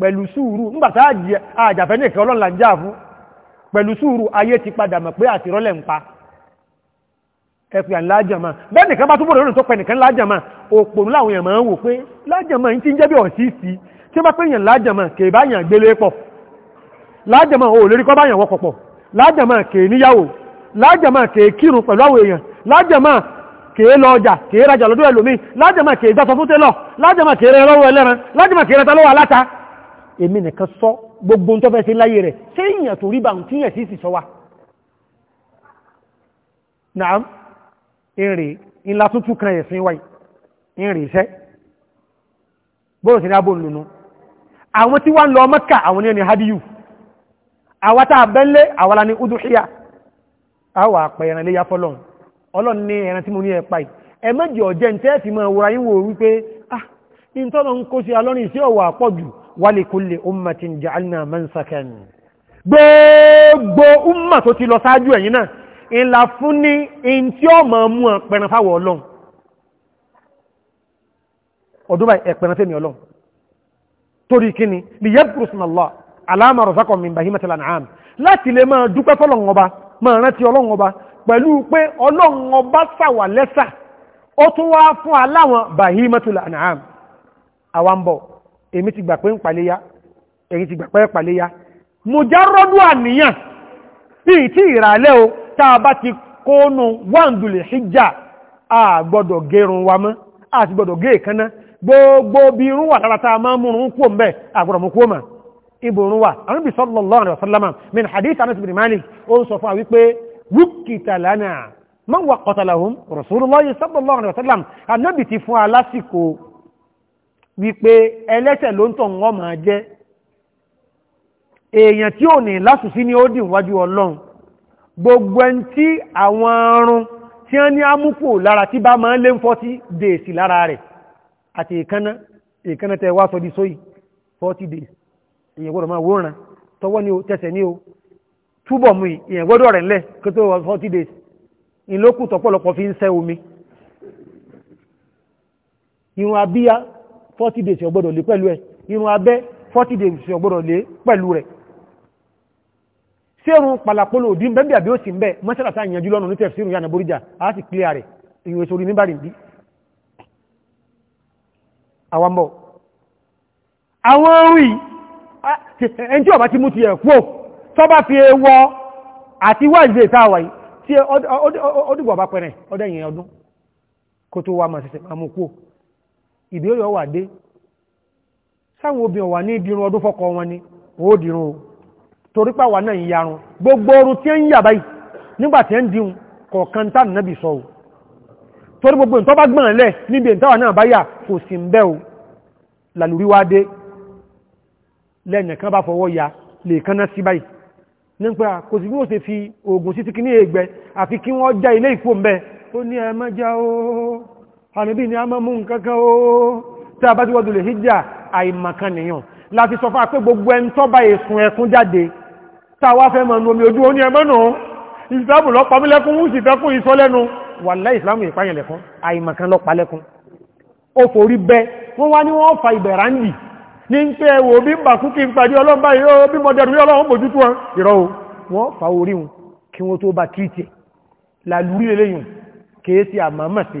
pẹ̀lú sụrụ nígbàtá àjàfẹ́ nìkan ọlọ́nà ń jà fún pẹ̀lú sụrụ ayé ti padà mọ̀ pé àtìrọ́lẹ̀ ń pa ẹ̀pẹ̀ lájàmá bẹ́ẹ̀ nìkan bá túbọ̀ lónìí tó pẹ̀ nìkan lájàmá òpònú láwọn èèyàn máa ń wò pé lájàmá kèé lọ ọjà kèé rajà lọ́dún ẹlòmí kèé fún kèé rẹ lọ́wọ́ ẹlẹ́ran èmi nìkan sọ gbogbo tó fẹ́ sí láyé rẹ̀ ṣé èèyàn tó rí bá ń tíyàn sí sì sọ wa náà ìrìn ńlá tuntun kan ẹ̀sìn wáyé ìrìn iṣẹ́ bóòrò sí ní abó lónú àwọn tí wọ́n lọ mọ́kà àwọn ní ẹni hadiyu àwọn tá àbẹ́lẹ́ àwọn lani udùhíyà àwọn àpẹ ẹran léyà fọlọ́n ah ní tọ́nà ń kó sí alọ́rin sí walikulli ummatin ja'alna mansakan gbogbo umma tó ti lọ sáájú ẹ̀yìn náà ìlà fún ní in tí ó mọ̀ mú ẹ̀pẹ̀rẹ̀ fáwọ̀ ọlọ́run ọdún báyìí ẹ̀pẹ̀rẹ̀ fẹ́mi ọlọ́run torí kíni bí yẹ́bùrù sí Allah àwọn bọ̀ èmi ti gbà pé ń paléyá èyí ti gbà pé ń paléyá mujarradu àníyàn bí tí ìràlẹ́ o tá a bá ti kóónú wàǹdùlẹ̀ hijja a gbọ́dọ̀ gẹrun wa mọ́ a ti gbọ́dọ̀ gé ìkaná gbogbo bí irun wà lára tá a máa múrun kú mẹ́ àgbọ̀dọ̀ mú kú mọ́ ibùrún wà àwọn sallallahu alaihi wasallam min hadith anas bin wípé ẹlẹ́ṣẹ̀ ló ń tọ̀ wọ́n máa jẹ́ èèyàn tí ò ní lásùsí ni ó dì wájú ọlọ́run gbogbo ẹni tí àwọn arun tí wọ́n ní amúkù lára tí bá máa ń lé ń fọ́tí dèèsì lára rẹ̀ àti èkánná èkánná tẹ wá sọ di sóyì fọ́tí dèèsì èèyàn gbọ́dọ̀ máa wòran tọwọ́ ni 40 days ò gbọ́dọ̀ lé pẹ̀lú ẹ̀ irun abẹ́ 40 days ò gbọ́dọ̀ lé pẹ̀lú rẹ̀ sẹ́rùn palapolo òdí bẹ́bí àbí ó sì ń bẹ́ mọ́sálásá ìyànjú lọ́nà ní tẹ̀síìrùn yà nàbóríjà a sì clear rẹ̀ ìwé sórí níbàrí bí àwọn bọ̀ àwọn orí ẹn tí ọba ti mú ti ẹ̀ pò tọ́bá fi wọ àti wáìdé ìtawà yìí tí ọdúgbọ̀ bá pẹ̀rẹ̀ ọdẹ́yìn ìbéèrè ọwà dé sáwọn obìnrin wà ní ìdírun ọdún fọ́kọ wọn ni ó dìrún o torí pàwà náà ń yarun gbogbo oru tí ń yà báyìí nígbà tí ń dìun kọ̀ọ̀kan tá nàbì sọ o torí gbogbo ìtọ́ bá gbọ̀n lẹ̀ níbi ìtawà náà bá yà kò sí ń bẹ́ o làlùrí wá bá fọwọ́ ya lè kánná sí báyìí àníbí ni a mọ́ mú nǹkankan ó tí a bá ti wọ́n dùlẹ̀ hijjá àìmọ̀kan nìyàn láti sọ fún apé gbogbo ẹni tó bá èsùn ẹkún jáde táwa fẹ́ mọ̀ nù omi ojú ó ní ẹmọ́ nù ìsìlámù lọ́pamílẹ́kún ó sì fẹ́kún ìsọ́lẹ́nu wàláhì ìsìlámù ìpáyànlẹ̀kún àìmọ̀kan lọ́palẹ́kún ó forí bẹ́ wọ́n wá ní wọ́n fa ìbẹ̀rà ń yì ní ń pẹ́ wo bí bàkú kí n sí àmàmà sí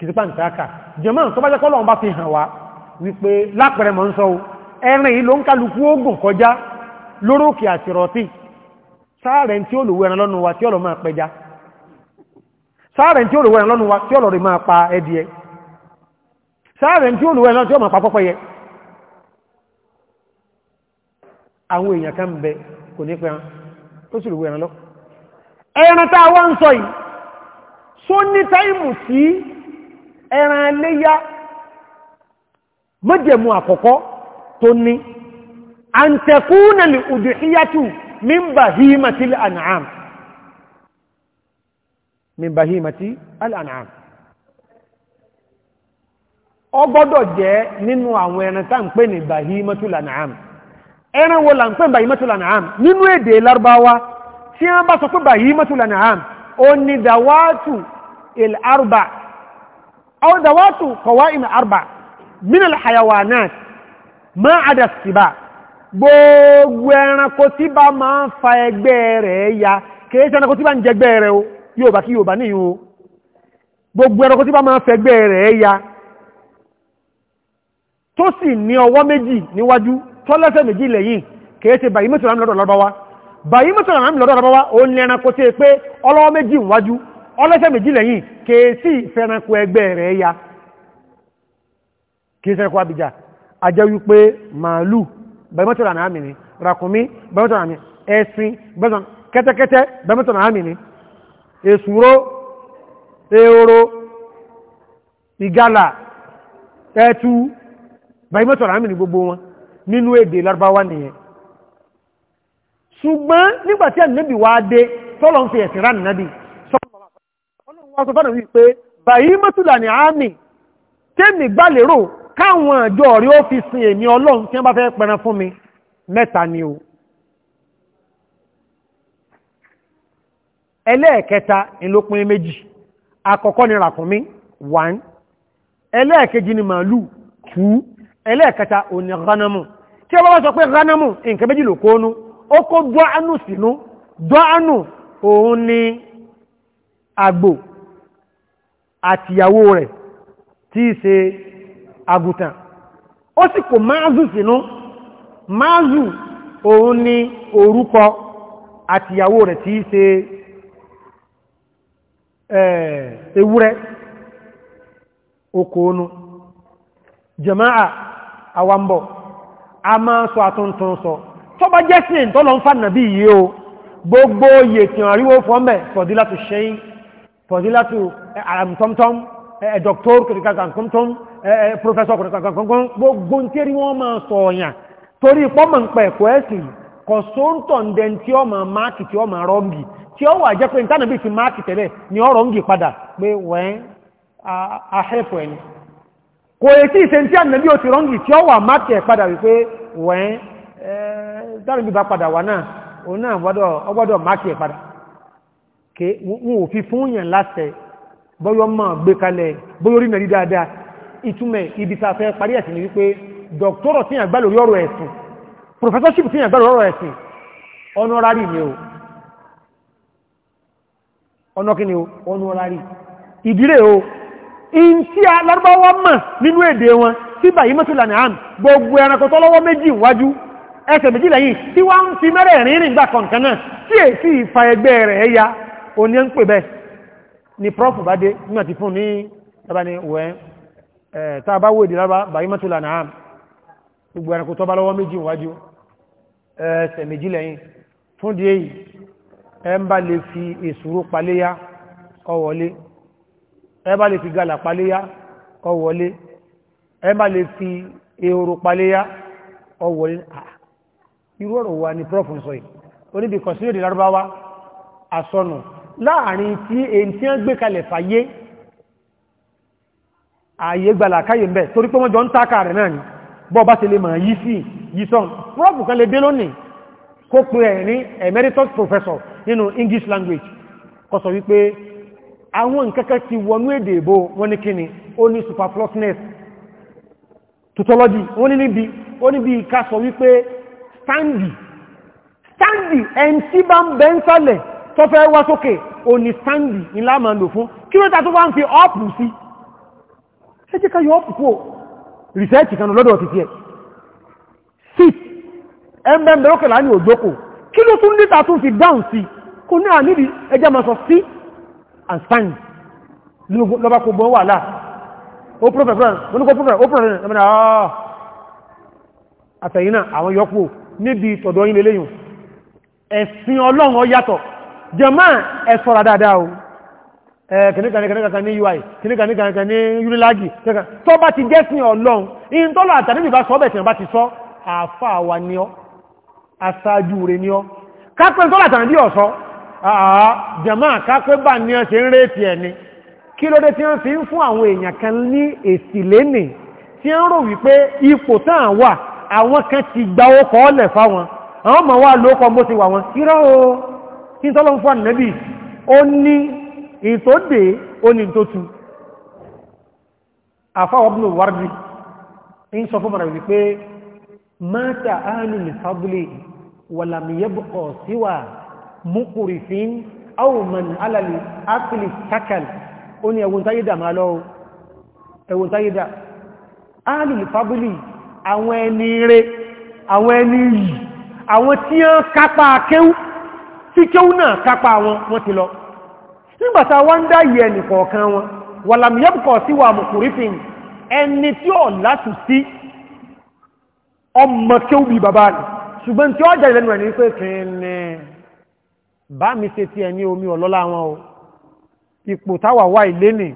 kìsípà ń tààkà jẹmọ́ tó bá jẹ́ kọ́lọ̀ bá fi hàn wá wípé lápẹẹrẹ mọ́ ń sọ ẹ̀rìn ìlò ń kálukú ogun kọjá lórókè àti rọ̀tí sáàrẹ̀ tí ó lòwú ẹran wa tí ọ̀lọ́ máa pẹja sáàrẹ̀ tí ó lòwú ẹran wa tí ọ̀lọ́ pa ẹdìẹ sáàrẹ̀ tí ó lòwú ẹran tí ó máa pa pọ́pẹ́yẹ àwọn èèyàn kan bẹ kò ní pẹ́ran tó ẹran léyá mọ́jẹ̀mú àkọ́kọ́ tó ní àǹtẹ̀kúnà lè udhiyatu min bahimati al-an'am min bahimati al-an'am ó gbọ́dọ̀ jẹ́ nínú àwọn ẹran tá ń pè ní bahimatul an'am ẹran wo là ń pè bahimatul an'am nínú èdè Lárúbáwá tí wọ́n bá sọ pé bahimatul an'am ó ní dàwátù il-arba' أو ذوات قوائم أربع من الحيوانات ما عدا السباع gbogbo ẹranko tí bá máa ń fa ẹgbẹ́ ya kìí ṣe ẹranko tí bá ń jẹgbẹ́ rẹ̀ o yóò kí níyìn o gbogbo ẹranko tí bá máa ń fa ẹgbẹ́ ya tó sì ní ọwọ́ méjì níwájú tó lẹ́sẹ̀ méjì lẹ́yìn kìí ṣe bàyí lọ́dọ̀ lọ́dọ̀ wa bàyí lọ́dọ̀ lọ́dọ̀ ọlọ́sẹ̀ méjì lẹ́yìn kèésì fẹ́ranko ẹgbẹ́ rẹ̀ ya kèésì ẹ̀kọ́ abìjà ajẹ́ wípé màálù bẹ̀mọ́tọ̀rọ̀ àmì ni ràkùnmí bẹ̀mọ́tọ̀rọ̀ àmì ẹṣin kẹ́tẹ́kẹ́tẹ́ bẹ̀mọ́tọ̀rọ̀ àmì ni èsúró ehoro ìgalà ẹtu ni ọ̀sọ̀ fánà wípé bàyí mọ́túlà ní àmì tẹ́mì gbálérò káwọn àjọ rí ó fi sin èmi ọlọ́run tí wọ́n bá fẹ́ pẹran fún mi mẹ́ta ni o ẹlẹ́ẹ̀kẹta ìlópin méjì àkọ́kọ́ ni ràkúnmí one ẹlẹ́ẹ̀kejì ni màálù two ẹlẹ́ẹ̀kẹta òní ghanamu tí a bá wọ́n sọ pé ghanamu nǹkan méjì ló kóónú ó kó dọ́ánù sínú dọ́ánù òun ni àgbò àtìyàwó rẹ̀ tí í se àgùtàn ó sì kò máàzù sínú máàzù òun ni orúkọ àtìyàwó rẹ̀ tí í ṣe ewúrẹ́ okòónú jama'a awambo a máa sọ àtúntún sọ tó bá jẹ́ sí ìtọ́lọ ń fà nàbí o gbogbo yìí tí wọ́n ríwó fọ́mẹ̀ fọ̀dílátù ṣe aram tọ́mtọ́m eh, eh, dọ́kítọ́r kìrìkàkàn tọ́mtọ́m eh, pòfẹ́sọ̀ kìrìkàkàn kọ̀ọ̀kan gbogbo ń tẹ́rí wọ́n máa sọ ọ̀yàn torí pọ́mọ̀ ń pẹ̀ ẹ̀kọ́ ẹ̀sìn kò sóńtọ̀ ń dẹn tí ọ máa máàkì tí ọ máa rọ́ǹgì tí ọ wà jẹ́ pé nítànà bí ti máàkì tẹ́lẹ̀ ni ọ rọ́ǹgì padà pé wẹ́n ahẹ́pọ̀ ẹni kò èsì ìṣẹ́ tí ànàbí ò ti rọ́ǹgì tí ọ wà máàkì ẹ̀ padà wípé wẹ́n tánà bí bá padà wà náà òun náà bọ́yọ́ máa gbé kalẹ̀ bọ́yọ́ rí mẹ́rí dáadáa ìtumẹ̀ ibi ta fẹ́ parí ẹ̀sìn ni wípé dọ̀tọ́rọ̀ tí àgbà lórí ọ̀rọ̀ ẹ̀sìn professorship tí àgbà lórí ọ̀rọ̀ ẹ̀sìn honorary ni o ọ̀nọ́kíni o honorary ìdílé o in tí a lárúbáwọ́ mọ̀ nínú èdè wọn tí bàyí mọ́sílà ní àm gbogbo ẹranko tọ́lọ́wọ́ méjì wájú ẹsẹ̀ méjì lẹ́yìn tí wọ́n ń fi mẹ́rẹ̀ẹ̀rin rìn gbà kọ̀ǹkan ni prof bá dé nígbà tí fún ní tàbá ní wẹ́ ẹ̀ tàbá wò ìdí lábá bàyí mọ́tòlá náà gbogbo ẹranko tó bá lọ́wọ́ méjì wájú ẹsẹ̀ méjì lẹ́yìn fún di èyí ẹ ń bá lè fi èsúró paléyá ọwọ́lé ẹ bá lè fi gàlà paléyá ọwọ́lé ẹ bá lè fi ehoro paléyá ọwọ́lé irú ọ̀rọ̀ wa ni prof sọ yìí oníbìkọ̀sí èdè lárúbáwá asọ́nù láàrin tí èyí tí wọ́n gbé kalẹ̀ fàyé ààyè gbàlà káyè ń bẹ̀ torí pé wọ́n jọ ń tákà rẹ̀ náà ni bọ́ bá ti lè máa yí sí yí sọ́n prọ́pù kan lè dé lónìí kó pè ẹ̀ ní emeritus professor nínú English language kó sọ wípé àwọn nǹkankan ti wọnú èdè ìbò wọ́n ní kíni ó ní superfluousness tautology wọ́n ní níbi ó níbi ká sọ wípé standy standy ẹni tí bá ń bẹ́ ń sálẹ̀ tó wá sókè oní sáńdì ńlá máa lò fún kí ló ta tó wá ń fi ọ́pù sí ẹ jẹ́ ká yọ ọ́pù kó rìsẹ́ẹ̀tì kan lọ́dọ̀ ti tiẹ̀ sit ẹgbẹ́mbẹ́ ókèlá ní òjókò kí ló tún níta tún fi dáhùn sí kò ní àníbi ẹjẹ́ máa sọ sí and stand lọ́bá kò bọ́ wà láà ó prọ́fẹ̀fẹ́ mọ́núkọ́ prọ́fẹ̀fẹ́ ó prọ́fẹ̀fẹ́ ẹmọ́nà ah. àtẹ̀yìnà àwọn yọ́pù níbi tọ̀dọ̀ yín lélẹ́yìn ẹ̀sìn ọlọ́run ó yàtọ̀ jẹmọ́ ẹ̀sọ́ra dáadáa o kìníkàníkàníkà ní ui kìníkàníkàníkà ní unilagi tó bá ti jẹ́sìn ọlọ́run in tó lọ àtàríbì bá sọ bẹ̀tì ti sọ àfà wà ní ọ aṣáájú rẹ̀ ní ọ kápẹ́ tó látàríbì ọ̀sọ́ jẹmọ́ kápẹ́ bá ní ọ ṣe ń rétí ẹni kí ló dé tí wọ́n fi ń fún àwọn èèyàn kan ní èsì lénìí tí ń rò wa lókọ bó kí n tọ́lọ́ fún ànẹ́bì ó ní ìtòdè ó ní tó tu àfáwọ́bùnú wárdì ń sọ fún mọ̀ràn wípé mata ánù lè fábúlé wàlàmìyẹ́bùkọ̀ síwà múkùrìfín áwùmọ̀n alàlè ápìlì takal ó ní ẹwùn táyídà máa lọ ẹwùn táyídà ánù lè fábúlé àwọn ẹni rẹ̀ àwọn ẹni yìí àwọn tí ó kápá akéwù tí kéwú náà kápá wọn wọ́n ti lọ nígbàtà wá ń dáyé ẹnì kọ̀ọ̀kan wọn wà làmìyàbùkọ̀ sí wà mùkùrífin ẹni tí ó látù sí ọmọ kéwú bí bàbá rẹ̀ ṣùgbọ́n tí ó jẹ́ ìlẹ́nu ẹni pé kìíní bá mi ṣe ti ẹni omi ọ̀lọ́lá wọn o ipò táwà wà ilé nì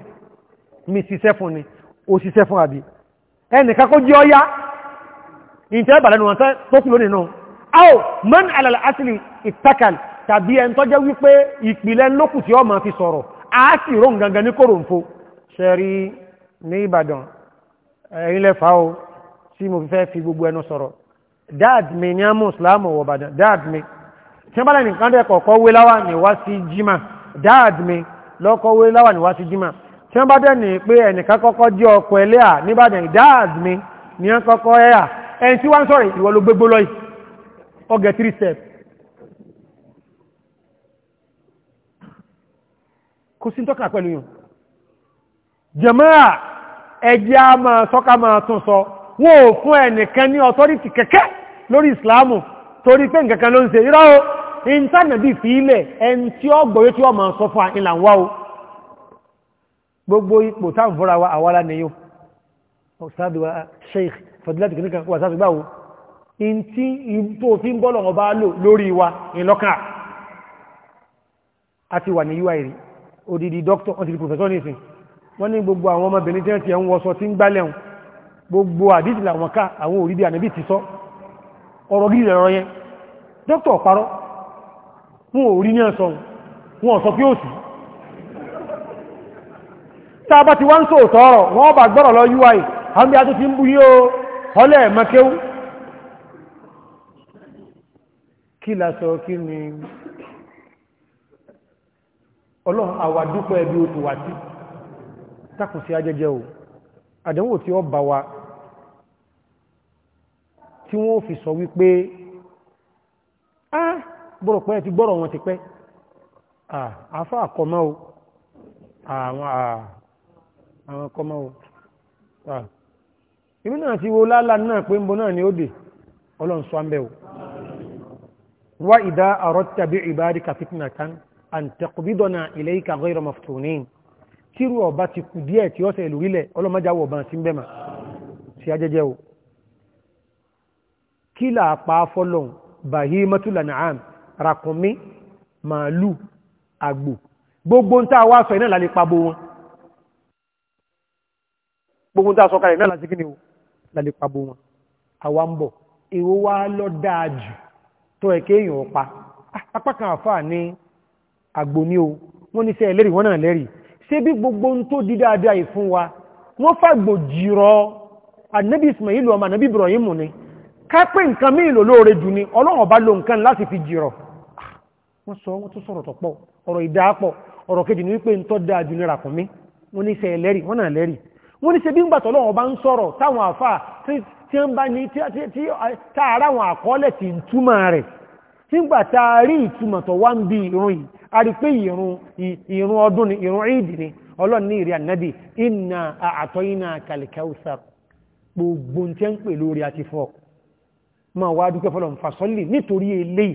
mi ṣiṣẹ́ fún ni ó ṣiṣẹ́ fún àbí ẹnì kakó jẹ́ ọyá ìtẹ́ ìbàlẹ́nu wọn tó kú lónìí náà a ò mọ́n alàlà asìlì tàbí ẹn tó jẹ́ wípé ìpìlẹ̀ lókù tí ọmọ fi sọ̀rọ̀ a sì rò ń gangan ní kòròǹfo ṣẹ́rí ní Ìbàdàn ẹ̀yìn o tí mo fẹ́ fi gbogbo ẹnu sọ̀rọ̀ dad mi ní àmú ìsìláàmù wọ̀ Ìbàdàn dad mi tí wọ́n bá lẹ́nu kan dẹ́kọ̀ọ́kọ́ wé láwà ní wá dad mi lọ́kọ́ wé láwà ní wá sí jimá tí wọ́n bá dẹ́ni pé ẹnìkan kọ́kọ́ jẹ́ ọkọ̀ ẹlẹ́à dad mi ní wọ́n kọ́kọ́ ẹ̀yà ẹni tí wọ́n sọ̀rọ̀ ìwọ ọgẹ̀ three steps kò sí tọ́kà pẹ̀lú yùn jẹ̀máà ẹjẹ́ a máa sọ́ká máa tún sọ wọ́n ò fún ẹnìkan ní ọtọ́rìtì kẹ́kẹ́ lórí ìsìláàmù torí pé nǹkankan ló ń ṣe irọ́ o ìntánàbí fi ilẹ̀ ẹn tí ó gbọ́yé tí ó máa sọ fún àìlà o gbogbo ipò táwọn fúnra wa ni yóò sheikh fadilati kìnnìkan wà sáàdù báwo in tí tó fi ń bọ́lọ̀ ọba lò odidi dókítọ̀ wọ́n ti di pòfẹ́sọ́ ní ìsìn wọ́n ní gbogbo àwọn ọmọbìnrin tí wọ́n ti ń wọṣọ tí ń gbálẹ̀hùn gbogbo àdìsí làwọn ká àwọn òrí bí ànábì ti sọ ọ̀rọ̀ gírí ẹ̀rọ yẹn dókítọ̀ parọ́ wọn ò rí ní ẹ̀sọ́ wọn sọ pé ó sì tá a bá ti wá ń sọ òtọ́ wọ́n bá gbọ́rọ̀ lọ ui àwọn bí ti ń bú o ọlẹ́ mẹ́kéwú kí la kí ni ọlọ́run àwàdúpẹ́ ẹbí ó tó wà tí takùn o àdánwò tí ó bá tí fi sọ wípé á gbọ́rọ̀ pẹ́ ti gbọ́rọ̀ wọn ti pẹ́ àfá àkọmọ́ o àwọn àkọmọ́ o ìlú náà ti wo lálá náà pé ń ni ó dè ọlọ́run sọ o wá ìdá ìbáríkà kan an taqbidana ilayka ghayra maftunin tíru ọba ti kù díẹ̀ tí ó sẹ̀ lórílẹ̀ ọlọ́mọjáwọ̀ ọba sí bẹ́mà sí ajẹ́jẹ́ o kí là pa fọ́lọ̀n bahimatul an'am ràkùnmí màálù àgbò gbogbo ń tàà wá sọ iná lálẹ́ pabó wọn gbogbo ń tàà sọ kalẹ̀ náà lásìkò ní o lálẹ́ pabó wọn àwa ń bọ̀ èwo wá lọ dáa jù tó ẹ̀kẹ́ èèyàn pa ah, apá kan àfáà ní àgbò o wọ́n ní sẹ́ ẹlẹ́rìí wọ́n náà lẹ́rìí ṣé bí gbogbo ń tó di dáadáa yìí fún wa wọ́n fàgbò jìrọ ànábì Ismail ọmọ ànábì Ibrahim ni kápẹ́ nǹkan mí ìlò lóore jù ni ọlọ́run bá lo nǹkan láti fi jìrọ wọ́n sọ wọ́n tún sọ̀rọ̀ tọ̀pọ̀ ọ̀rọ̀ ìdáàpọ̀ ọ̀rọ̀ kejì ní wípé ń tọ́ dáa jù ní ràkúnmí wọ́n ní sẹ́ ẹlẹ́rìí wọ́n náà lẹ́rìí wọ́n ní ṣe bí ń gbàtọ̀ bá ń sọ̀rọ̀ táwọn àfà tí ń bá ní tí àárá àwọn àkọọ́lẹ̀ ti túmọ̀ rẹ̀ nígbàtà rí ìtumọ̀tọ̀ wá ń bí ìrún yìí a rí pé ìrún ọdún ni ìrún ìdì ni ọlọ́run ní ìrì ànábì iná àtọ́ iná kàlìkẹ́ùsà gbogbo tí ń pè lórí àti fọ́ ma wá dúpẹ́ fọ́lọ̀ fàṣọ́lì nítorí eléyìí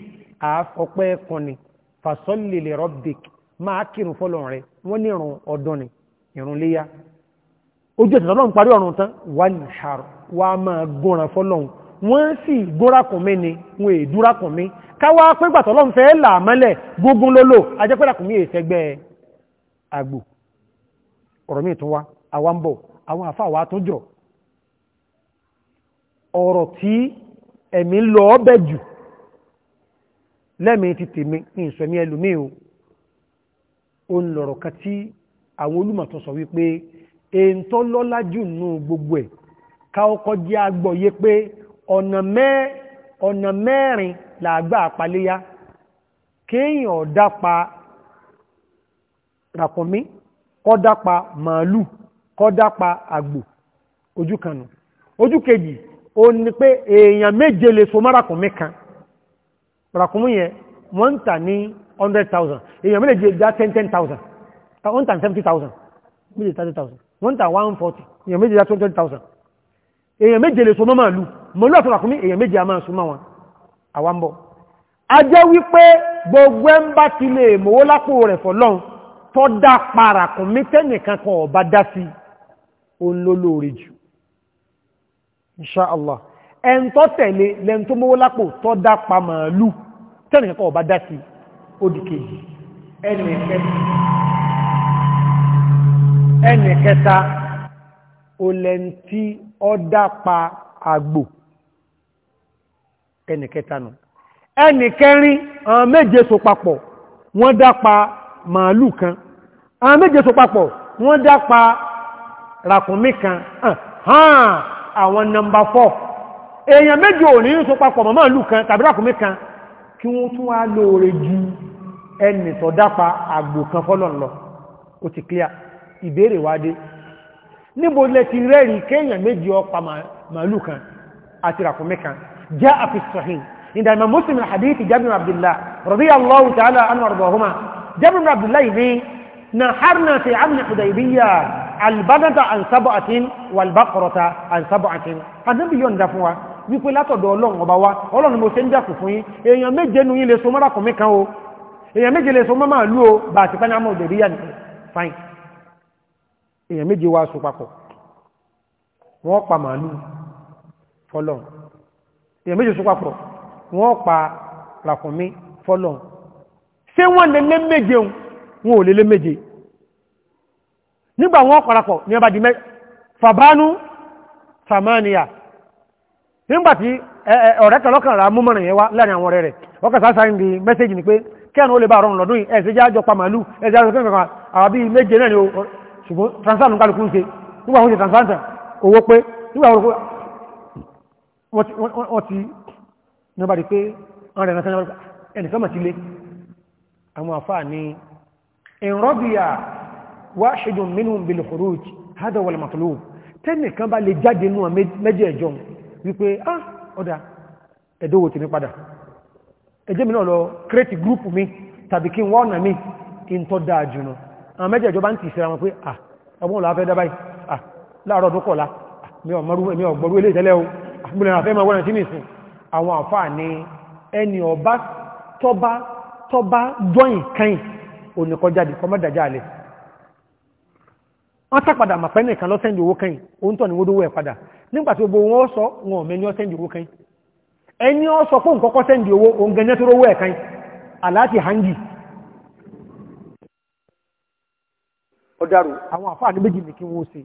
àfọpẹ́ kan ni fàṣọ́lì lè rọ́bìk máa kírun fọ́lọ̀ rẹ wọ́n ní ìrún ọdún ni ìrún léyà ojú ẹ̀sìn ọlọ́run parí ọ̀run tán wà ní ṣàrọ̀ wà máa gbọ́ràn fọ́lọ́run wọ́n sì górakùnmí ni wọ́n è dúrakùnmí káwá pé gbàtọ̀ lọ́n fẹ́ là mọ́lẹ̀ gógún lólò ajẹ́pẹ́rakùnmí èsẹ́gbẹ́ àgbò ọ̀rọ̀ míì tún wá àwa ń bọ̀ àwọn àfa àwa tó jọ ọ̀rọ̀ tí ẹ̀mí lọ ọbẹ̀ jù lẹ́mí ti tèmi ìsọ̀mí ẹlòmíì o ó ń lọ̀rọ̀ kan tí àwọn olùmọ̀ sọ wípé èntọ́ lọ́lá jù nù gbogbo ẹ̀ ká ọkọ̀ jẹ́ agbọ̀yé pé ọ̀nà mẹ́rin làgbà àpaléyá kéèyàn ọ̀dápa ràkùnmí kọ́dápa màálù kọ́dápa àgbò ojú kanù ojú kejì ó ní pé èèyàn méje lè so mọ́ ràkùnmí kan ràkùnmí yẹn wọ́n ń tà ní 100,000 èèyàn méje dá 10,000 wọ́n ń tà 70,000 méje 30,000 wọ́n ń tà 140 èèyàn méje dá 200,000 èèyàn méje lè so mọ́ màálù mọ̀lú àtọ́rà fún mi èèyàn méjì a máa súnmọ́ wọn àwọn bọ̀ a jẹ́ wípé gbogbo ẹ ń bá ti lè mọ́wó lápò rẹ̀ fọ́lọ́n tọ́ dá parakùn mi tẹ́nìkan kan ọba dá sí olólórí jù insha Allah ẹn tọ́ pa àgbò ẹnì kẹta nù ẹnì kẹrin àwọn méje so papọ̀ wọ́n dápa màálù kan àwọn méje so papọ̀ wọ́n dápa ràkúnmí kan hàn àwọn nọmbà fọ́ èèyàn méje ò ní so papọ̀ màálù kan tàbí ràkúnmí kan kí wọ́n tún wá lóore ju ẹnì tó dápa àgbò kan fọ́lọ̀ lọ ó ti clear ìbéèrè wádé níbo lẹ ti rẹ́rìí kéèyàn méje ó màálù kan àti ràkúnmí kan جاء في الصحيح عند الإمام مسلم الحديث حديث جابر بن عبد الله رضي الله تعالى عنه وارضاهما جابر بن عبد الله ليه نحرنا في عمل حديبية البنة عن سبعة والبقرة عن سبعة النبي يندفوا wípé látọ̀dọ̀ ọlọ́run ọba wa ọlọ́run mo ṣe ń dẹ̀kù fún yín èèyàn méje nu yín lè so mọ́ràkùn mi kan o èèyàn méje lè so mọ́ máa lú o bá àti pánámọ́ òdèrí yà fine èèyàn méje wá so papọ̀ wọ́n pa màálù fọlọ́run èèyàn méjì sún papọ̀ wọ́n pa ràkùnmí fọ́lọ̀ ṣé wọ́n lè lé méje wọn ò lè lé méje nígbà wọ́n parapọ̀ ní ọba di fàbánú samania nígbàtí ọ̀rẹ́ kẹlọ́kàn rà mú mọ̀rìn yẹn wá láàrin àwọn rẹ̀ ọkà sáàsáàrin di mẹ́sẹ́jì ni pé kẹ́ẹ̀nù ó lè bá ọ̀rọ̀ lọ́dún yìí ẹ̀sẹ̀ jájọ pa màálù ẹ̀sẹ̀ jájọ kẹ́ẹ̀kẹ́ àwàbí méje náà ni ṣùgbọ́n transaction kálukú ń ṣe nígbà wọ́n ṣe transaction owó pé nígbà wọ́n ti nígbà rí pé wọ́n rẹ̀ ránṣẹ́ ẹnìkan mọ̀ sí lé àwọn àfáà ní ìrọ́bìyà wá ṣèdùn mínú bil khuruj hada wal matlub tẹ́nìkan bá lè jáde nú méjì ẹjọ́ wípé ah ọ̀dà ẹ̀dọ́wò ti ní padà ẹjẹ́ mi náà lọ kírẹ́tì gúrùpù mi tàbí kí wọ́n ọ̀nà mi kí n tọ́ dáa jùnà àwọn méjì ẹjọ́ bá ń tì síra wọn pé ah ọgbọ́n làá fẹ́ dábáyì ah láàárọ̀ ọdún kọ̀ọ̀la ah, mi ò gbọ́rú ilé ìtẹ́lẹ̀ o gbọ́nà àfẹ́ ma wọ́nà tí ní ìsìn àwọn àfáà ní ẹni ọba tọba tọba jọyìn kan oníkọjáde kọmọ́dàjá alẹ́ wọ́n tàpadà màpẹ́ nìkan owó kan òun ní wó dówó ẹ̀ padà nígbàtí gbogbo sọ owó ẹni ọ sọ fún kọ́kọ́ sẹ́ndì owó òun gẹ̀ẹ́ ẹ̀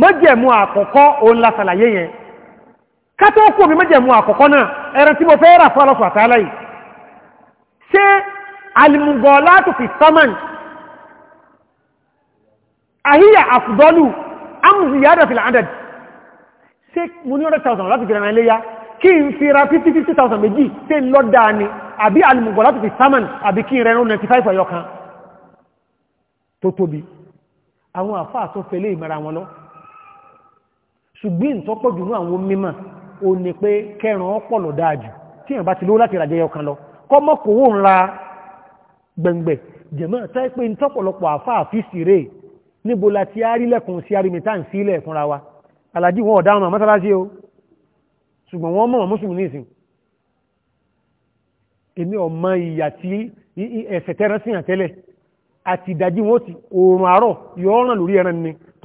mọ́jẹ̀mú àkọ́kọ́ òun la ṣàlàyé yẹn kátó kú omi mọ́jẹ̀mú àkọ́kọ́ náà ẹran tí mo fẹ́ rà fún ọlọ́sọ̀ àtàlá yìí ṣé alìmùgọ̀ látò fi sọ́mọ̀n àhíyà àfùdọ́lù amùsìyàdà fìlà àdàdì ṣé mo ní 100,000 láti fìlà iléyá kí n fi ra 50,000 méjì ṣé lọ́dà àwọn àfáà tó fẹ́lé ìmẹ́ra wọn lọ́wọ́ ṣùgbọ́n tó pọ̀ jù ní àwọn mímọ̀ o ní pé kẹrùn ọpọlọ dáájú tí èyàn bá ti lówó láti ràjẹyọ kan lọ kọ́ mọ́ ńlá gbẹ̀ngbẹ̀ jẹ̀mọ́ tẹ́ pé tọ́pọ̀lọpọ̀ àfáà fi sírè níbo la ti árí lẹ́kùn sí arí ń sílẹ̀ fúnra wa alájí wọn ọ̀daràn mọ́sálásí o ṣùgbọ́n wọ́n mọ̀ mùsùlùmí nìsín èmi ọmọ ìyà tí ẹ̀sẹ̀ tẹ́rán sí àtẹ́lẹ̀ àti ìdájí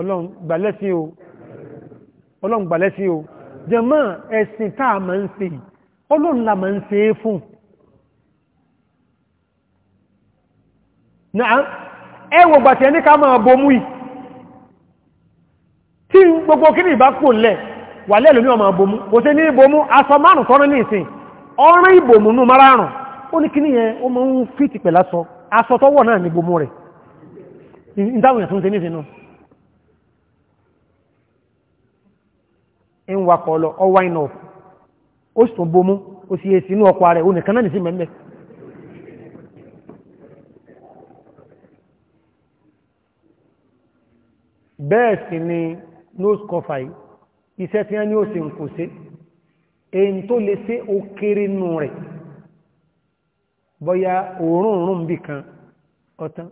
ọlọ́run gbàlẹ́sìn o ọlọ́run gbàlẹ́sìn o jẹmọ́ ẹ̀sìn táà máa ń ṣe ọlọ́run la máa ń ṣe é fún náà ẹwọ gbàtẹ̀ ní ká máa bomú ì tí gbogbo kí ní ìbá kò lẹ̀ wà lẹ́lò ní ọmọ bomú kò sí ní bomú aṣọ márùn tọ́rọ ní ìsìn ọ̀rọ̀ ìbòmù nú márùn ó ní kí ní yẹn ó máa ń fìtì pẹ̀lásọ aṣọ tọ́wọ̀ náà ní bomú rẹ̀ ìdáwọn ìyàtúnṣe ní ìsinú ń wakọ̀ lọ ọ wáìnà ọ̀pù ó sì tún bomú ó sì èsì inú ọkọ̀ rẹ̀ ó nìkan náà nìsí mẹ́mẹ́ bẹ́ẹ̀ ni nose cover yìí iṣẹ́ tí wọ́n ní ó sì ń kò sí èyí tó lè ṣe ó kéré nù rẹ̀ bọ́yá òórùn òórùn bì kan ọ̀tán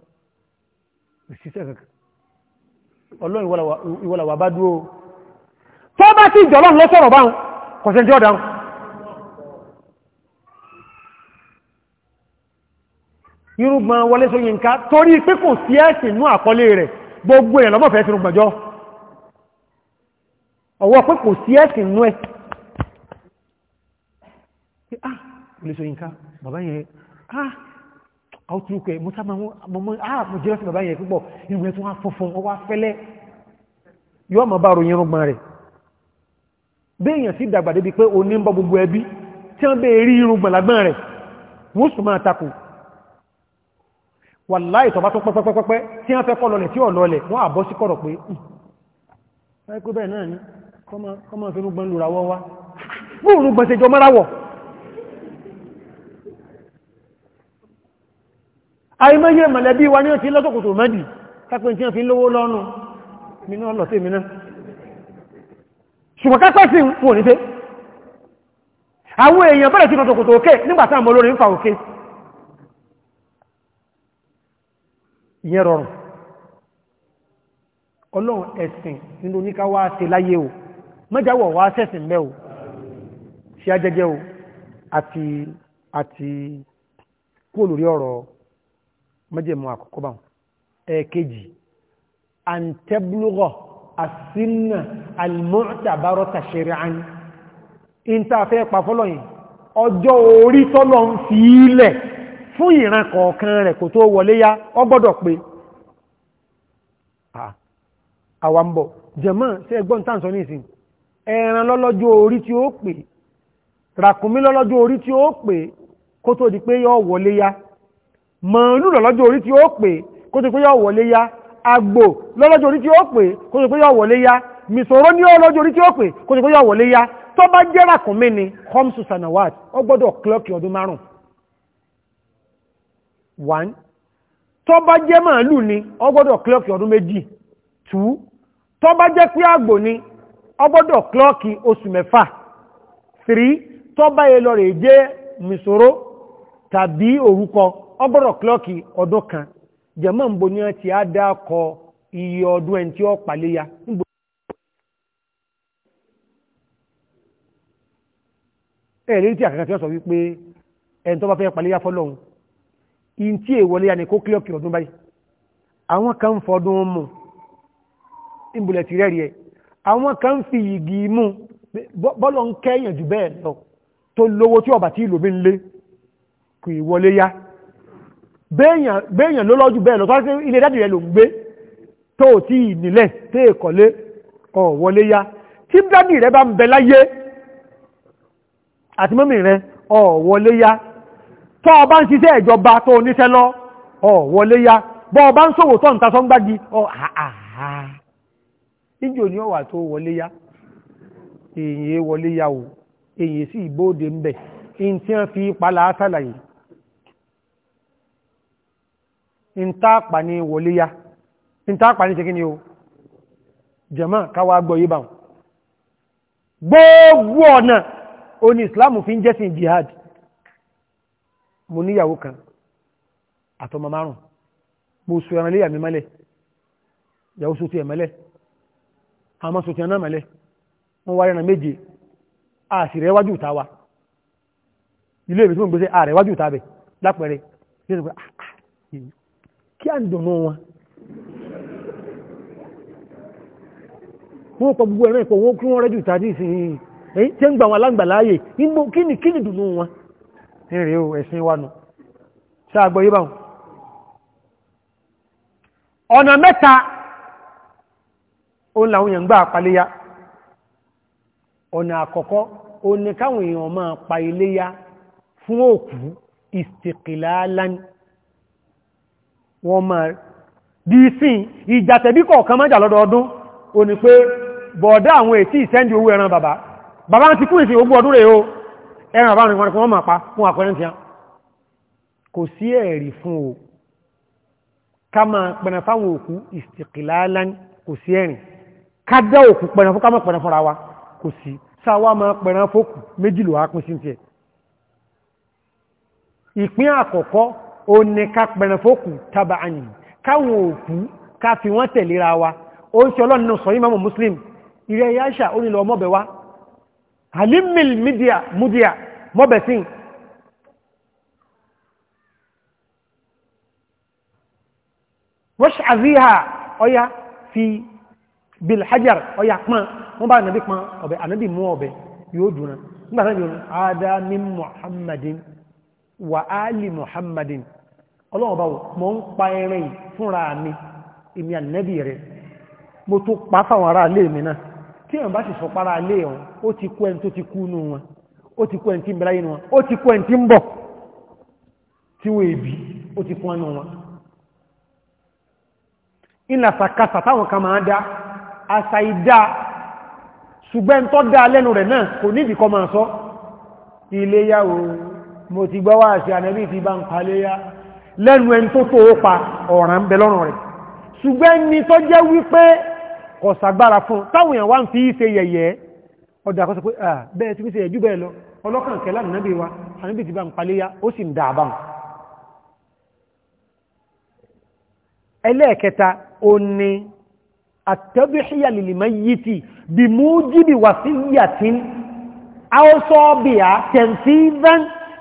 òṣìṣẹ́ kankan ọlọ́run ìwọ́làwà bá tó bá sí ìjọlọ́n lọ sọ̀rọ̀ báhùn kò sẹ́ jọ́ dáhùn irúgbọ̀n Wọlé Ṣóyínká torí pé kò sí ẹ̀sìn ní àkọlé rẹ̀ gbogbo ẹ̀ lọ́mọ̀fẹ́ ti rúgbọ̀jọ́ ọwọ́ pé kò sí ẹ̀sìn ní ẹ̀ ah Wọlé Ṣóyínká bàbá yẹn ah àwùtúrúkẹ mọ́sá máa mọ́ ah mo jẹ́ lọ́sí bàbá yẹn púpọ̀ ìrùn ẹ̀ tún wá funfun ọwá fẹ́lẹ́ yọ́ mọ̀ bá ròyìn rúgbọ̀n béèyàn sí dàgbà débi pé o ní ń bọ́ gbogbo ẹbí tí wọ́n bèè rí irun gbọ̀nlàgbọ́n rẹ̀ wọ́n sùn máa takò wà láì tọ́bá tó pẹ́pẹ́pẹ́pẹ́ tí wọ́n fẹ́ kọ́ lọlẹ̀ tí ò lọlẹ̀ wọ́n àbọ́ sí kọ̀rọ̀ pé ẹkú bẹ́ẹ̀ náà ni kọ́mọ fi rúgbọ́n lura wọ́ wá fún òrùgbọ́n ṣe jọ márawọ̀ àìmọye mọ̀lẹ́bí wa ní ọ̀tí lọ́sọ̀kòtò mẹ́dì tápẹ́ tí wọ́n fi lówó lọ́nu mi náà lọ́sẹ̀ mi náà ṣùgbọ́n kápẹ́ sí wọn ní pé àwọn èèyàn bẹ̀rẹ̀ sí kòtòkòtò òkè nígbàtí àmọ́ olórin ń fa òkè ìyẹn rọrùn ọlọ́run ẹ̀sìn nínú oníká wá ṣe láyé o mẹ́jáwọ̀ wá sẹ́sìn mẹ́ o ṣe ajẹ́jẹ́ o àti àti kú olórí ọ̀rọ̀ mẹ́jẹ̀mú àkọ́kọ́ báwọn àsínà almu'tabarata shari'an ìntàfẹ́ pàfọ́lọ̀ yìí ọjọ́ orí tọ́lọ̀ ń fi ilẹ̀ fún ìran kọ̀ọ̀kan rẹ̀ kò tó wọlé yá ọ gbọ́dọ̀ pé àwàmbọ̀ jẹ̀mọ́ sí ẹgbọ́n ẹran lọ́lọ́jọ́ orí tí ó pè lọ́lọ́jọ́ orí tí ó pè kó tó di agbo lọ́lọ́jọ́ orí tí ó pè kó sì pé yọ wọlé yá ní ọlọ́jọ́ orí tí ó pè pé yọ bá jẹ́ ni homsu sanawat ó gbọ́dọ̀ clock ọdún márùn one tó bá jẹ́ màálù ni ó gbọ́dọ̀ clock ọdún méjì two tó bá ni ó gbọ́dọ̀ clock oṣù mẹ́fà three tó bá yẹ lọ rè jẹ́ tàbí orúkọ kan jẹ̀mọ́ ń bo ní ti á dákọ iye ọdún ẹni tí ó pàléyà níbo. ẹ lè tí àkàkà tí wọ́n sọ wípé ẹni tó bá fẹ́ pàléyà fọlọ́hún in tí èèwọlé ya ni kó kílọ̀kì ọdún báyìí àwọn kan fọdún mú ìbùlẹ̀ ti rẹ́rìí ẹ̀ àwọn kan fi yìgì mú bọ́lọ̀ ń kẹ́yàn jù bẹ́ẹ̀ lọ tó lówó tí ọ̀bà tí ìlòmí ń lé kò ìwọlé yá béèyàn ló lọ́jú bẹ́ẹ̀ lọ tó wáṣẹ́ ilé dájú rẹ̀ ló ń gbé tó ò tí ìnílẹ̀ tó èkọ̀lé ọ̀wọlé ya tí dájú rẹ̀ bá ń bẹ láyé àti mọ́mì rẹ̀ ọ̀wọlé ya tó o bá ń ṣiṣẹ́ ìjọba tó oníṣẹ́ lọ ọ̀wọlé ya bọ́ o bá ń ṣòwò tó ń ta sọ́ngbági ọ̀hàhà ìjò ní ọ̀wà tó wọlé ya èyí wọlé o èyí sì ìbóde ń bẹ̀ ìntí wọn fi ìntàpà ní wòlíyá ìntàpà ní ṣekí ni o jẹ̀mọ́ káwà gbọ́ yí báwọn gbogbo ọ̀nà o ní islam fi ń jẹ́sìn jihad mo níyàwó kan àtọmọ márùn mo sọ ẹran léyà mi mọ́lẹ̀ ìyàwó sọ ti ẹ̀ mọ́lẹ̀ àmọ́ sọ ti ẹ̀ náà mọ́lẹ̀ wọ́n wá ẹran méje àṣìrẹ́ wájú ìta wa ilé ìbí tí mo gbé sí ààrẹ wájú ìta bẹ̀ lápẹẹrẹ kí à ń dùnú wọn wọ́n pọ̀ gbogbo ẹ̀rẹ́ ìpọ̀ wọ́n kí wọ́n rẹ́jù tàbí ìsìn èyí tí ń gbà wọn alágbàláyè kí ni kí ni dùnú wọn ẹ̀rẹ́ o ẹ̀sìn wa nù ṣáàgbọ́ yíbà wọn ọ̀nà mẹ́ta ó làwọn èèyàn gbà paléyá ọ̀nà àkọ́kọ́ ó ní káwọn èèyàn máa pa iléyá fún òkú ìsìnkìlá lánìí wọ́n máa bí sín ìjàtẹ̀bí kọ̀ọ̀kan májà lọ́dọọdún o ní pé bọ̀ọ̀dá àwọn ètí ìsẹ́ndì owó ẹran bàbá bàbá ti kú ìsìn ogún ọdún rẹ̀ o ẹran bàbá nìkan wọ́n máa pa fún àpẹẹrẹ tí kò sí ẹ̀rí fún o ká máa pẹ̀nà fáwọn òkú ìsìnkìláàlán wa kò sí sáwá máa pẹ̀nà fókù méjìlò á pín ó ní ká pẹ̀rẹ̀ fókù tàbà àyìn káwọn òkú ká fi wọ́n tẹ̀lera wa ó ń ṣe ọlọ́run sọ muslim ìrẹ́ yáṣà ó ọmọbẹ̀ wá halimil media media mọ́bẹ̀ sí wọ́ṣàzíhà ọya fi bilhajar ọya pán wọ́n bá ànàbí pán ọ̀bẹ̀ ànàbí mú ọ̀bẹ̀ yóò dùn wà áàlì muhammadin ọlọ́run bá mọ́ ń pa ẹran fúnra mi èmi ànẹ́bì rẹ̀ mo tó pa fáwọn ará ilé mi náà tí bá sọ wọn ti kú ẹni tó ti kú nù wọn ó ti kú ẹni tí ń bẹ̀rẹ̀ wọn ó ti kú ẹni tí ń bọ̀ tí wọ́n èbí ó ti kú ẹnu wọn mo ti gbọ́ wá sí ànẹ́bí ti bá ń paléyá lẹ́nu ẹni tó tó ó pa ọ̀ràn ń bẹ lọ́rùn rẹ̀ ṣùgbọ́n ni tó jẹ́ wípé ọ̀sàgbára fún táwọn èèyàn wá ń fi ṣe yẹ̀yẹ́ ọdá kọ́sọ̀ pé bẹ́ẹ̀ tí fi ṣe yẹ̀jú bẹ́ẹ̀ lọ ọlọ́kàn kẹlá nàbí wa ànẹ́bí ti bá ń paléyá ó sì ń dà ti bí mú jíbi wà sí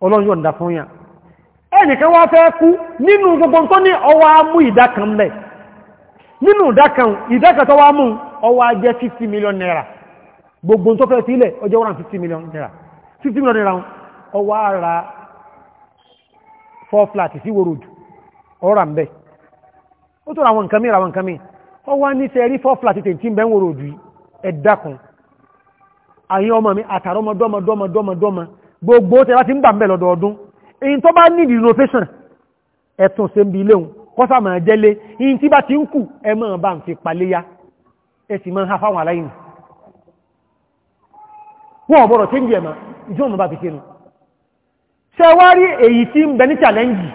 ọlọ́run yóò dá fún yà ẹnìkan wá fẹ́ kú nínú gbogbo tó ní ọwọ́ amú ìdákan lẹ̀ nínú ìdákan ìdákan tó wá mú ọwọ́ ajẹ́ 50 million naira gbogbo tó fẹ́ sílẹ̀ ọjọ́ 50 million naira 50 million naira ọwọ́ ara 4 flat sí wo road ọ̀rà ń bẹ̀ ó tó ràwọn nǹkan mi ràwọn nǹkan mi ọwọ́ ní sẹ́rí 4 flat tètè ń bẹ́ wo road ẹ̀dákan àyín ọmọ mi àtàrọmọdọ́mọdọ́mọdọ́mọdọ́mọ gbogbo tẹ láti ń gbà mẹ́ lọ́dọọdún in tó bá need innovation ẹ̀tùn ṣe ń bi ilé òun kọ́sà máa jẹ́lé in tí bá ti ń kù ẹ máa bá ń fi paléyá ẹ sì máa ń ha fáwọn aláìní wọn ò bọ̀rọ̀ change ẹ̀mà ìjọ ọmọ bá fi ṣe ṣe wá rí èyí tí ń bẹ ní challenge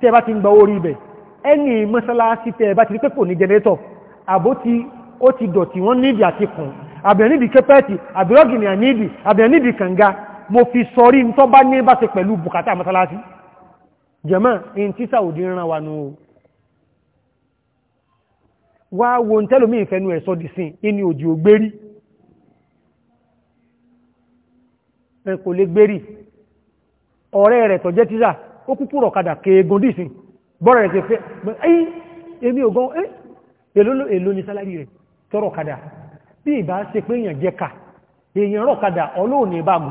tẹ bá ti ń gba orí ibẹ̀ ẹni mọ́sálásí tẹ bá ti rí pé kò ní generator àbó ti ó ti dọ̀tí wọ́n nídìí àti kùn àbẹ̀rẹ̀ nídìí kẹpẹ́ẹ̀tì àbẹ̀rẹ̀ ọ̀gìnì àníìdì àbẹ̀rẹ̀ nídìí kànga mo fi sọrí tó bá ní bá ṣe pẹ̀lú bùkátà mọ́sálásí jẹ́mọ́ in tí sàòdí ran wa nù wá wo ń tẹ́lòmí ìfẹ́nu ẹ̀sọ́ di sin inú òjì ò gbérí kò lè gbérí ọ̀rẹ́ rẹ̀ tọ́jẹ́ tíṣà ó kúkú rọ̀kadà kéegun dìsìn bọ́rọ̀ rẹ̀ kẹfẹ́ ẹ̀yìn èmi ò gan èlò ní rẹ̀ tọ́rọ̀kadà bí èèyàn rọ̀kadà ọlọ́ọ̀ni ìbámu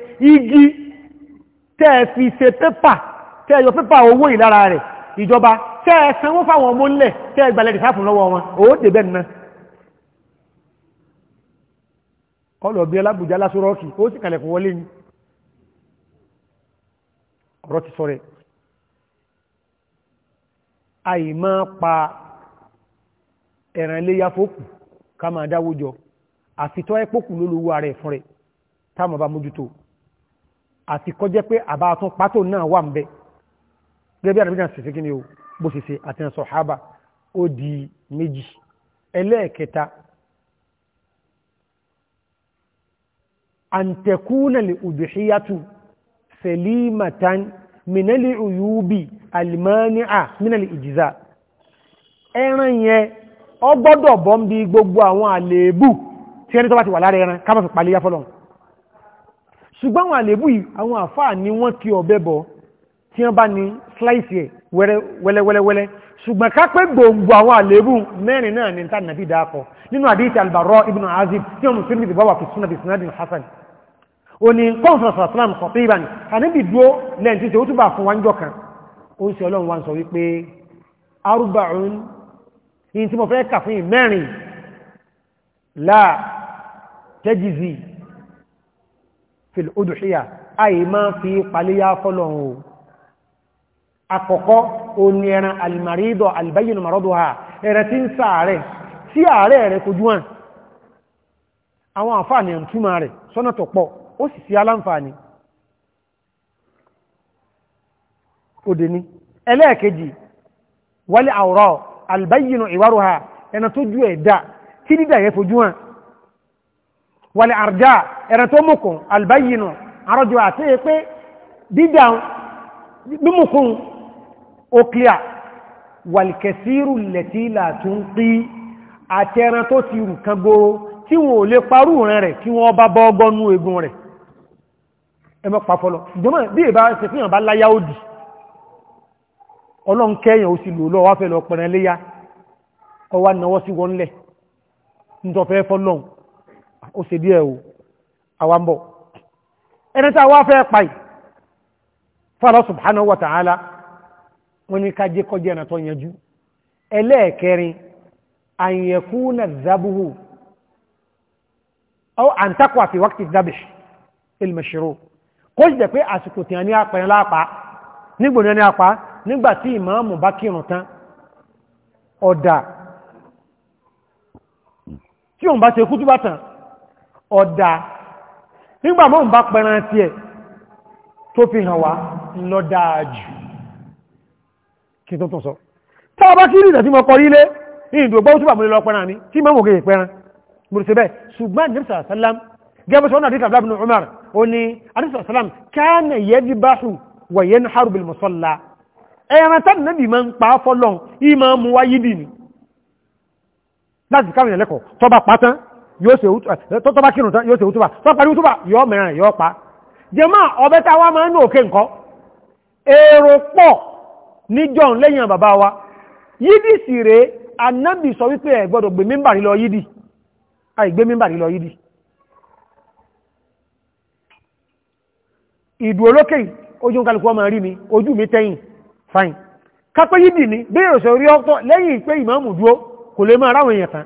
igi tẹ́ fi ṣe pépà tẹ́ yọ pépà owó ìlara rẹ̀ ìjọba tẹ́ sanwó fáwọn ọmọ ńlẹ̀ tẹ́ gbalẹ̀ ìsáfún lọ́wọ́ wọn ó dè bẹ́ẹ̀ náà ọlọ̀ bí alábùjá lásúrọ́ọ̀kì ó sì kàlẹ̀kùn wọlé ní ọ̀rọ̀ ti sọ́rẹ̀ àìmọ́ pa ẹ̀ràn iléyà fókù ká máa dáwójọ àfitọ́ ẹpókù lólówó ara ẹ̀fún rẹ̀ táwọn bá mójútó àti kọjẹ́ pé àbá tún pátó náà wà ń bẹ gẹ́gẹ́ bí àdàbíjà ṣẹṣẹ kí ni o bó ṣe ṣe àti ẹ̀sọ̀ hábà ó di méjì ẹlẹ́ẹ̀kẹta àǹtẹ̀kúnàlè òdùṣíyàtù sẹ̀límàtán mìnàlè òyúbì àlìmáníà mìnàlè ìjìzà ẹran yẹn ọ gbọ́dọ̀ bọ́ bí gbogbo àwọn àlèébù tí ẹni tó bá ti wà lára ẹran ká má fi palẹ́yà fọlọ́run ṣùgbọ́n àwọn àlébù yìí àwọn àfáà ni wọ́n kí ọ̀bẹ bọ̀ tí wọ́n bá ní slice ẹ̀ wẹ́lẹ́wẹ́lẹ́wẹ́lẹ́ ṣùgbọ́n kápẹ́ gbòǹgbò àwọn àlébù mẹ́rin náà ní tàn nàbí dákọ nínú àdéhìtì albarọ ibn azib tí wọ́n mùsùlùmí ti bá wà fi súnà bí súnà bin hasan òní kọ́nfẹ̀rẹ̀ sàlám kọ̀tí ìbàní fil udhiya àì máa fi paléyà fọ́lọ̀hún o àkọ́kọ́ o ní ẹran alìmàrídọ̀ alìbáyìnà marọ́dọ̀ ha ẹ̀rẹ̀ tí ń sáàrẹ̀ tí ààrẹ rẹ̀ kojú hàn àwọn àǹfààní ẹ̀ntúmà rẹ̀ sọ́nà tọ̀pọ̀ ó sì sí aláǹfààní òdè ní wàlẹ̀ àrjá ẹ̀rẹ̀ tó mùkùn albayinu àrọ́jù àti pé dídá mímùkùn òkìlá wàlìkẹsírù lẹ̀tílà tún pí àtẹ́ran tó ti rù kan gbóró tí wọn ò lè parú rẹ̀ rẹ̀ kí wọ́n bá bọ́ ọgọ́nú egun rẹ̀ ẹmọ pàfọ́lọ̀ ìjọmọ̀ bí ìbá ṣe fíhàn bá láyá ó dì ọlọ́n kẹ́yàn ó sì lò lọ wáfẹ́ lọ pẹ̀rẹ̀ léyá ọwá náwọ́ sí wọn lẹ̀ nítọ́fẹ́ fọ́lọ́un ó ṣe díẹ̀ o àwa ń bọ̀ ẹni tí a wá fẹ́ pa yìí fọlọ́ subhanahu wa ta'ala wọn ni ká jẹ́ kọjá ẹ̀nà tó yanjú ẹlẹ́ẹ̀kẹrin àyẹ̀kúnà zabuhu ọ àǹtakọ̀ àti wákìtì zabish ilmashiro kó sì jẹ́ pé àsìkò tí a ní apẹ̀yìn lápá nígbò ní apá nígbàtí ìmáàmù bá kírun tán ọ̀dà tí òun bá ṣe kútúbà tán ọ̀dá nígbà mọ́ ń bá pẹran tí ẹ̀ tó fi hàn wá lọ́dáa jù kí tó tún sọ tàà bá kí ní ìdàtí mọ́ kọrí ilé ní ìdògbọ́ tó bà mú lọ pẹran ní tí mọ́ mọ́kè pẹran mùrùsẹ̀ bẹ́ ṣùgbọ́n nípsà sálám gẹ́bẹ́ sọ́nà àdíkà blábìnú Umar ó ní àdíkà sálám káàna yẹ́dí báṣù wàyẹ́ ní harubil musalla ẹran yóò ṣe òtúbà tó bá kírun tán yóò ṣe òtúbà tó parí òtúbà yóò mẹ́rin yóò pa jẹmọ́ ọbẹ̀ tá wá máa ń òkè nǹkan èrò pọ̀ ní john lẹ́yìn bàbá wa yídì sì rèé anábì sọ wípé ẹ gbọ́dọ̀ gbé mímbàrí lọ yídì àìgbé mímbàrí lọ yídì ìdù olókè ojú ń kálukú ọmọ rí mi ojú mi tẹ́yìn fine kápẹ́ yídì ni bí èrò sọ rí ọ́tọ̀ lẹ́yìn pé ìmáàmù dúó kò lè máa ráwọn èèyàn tán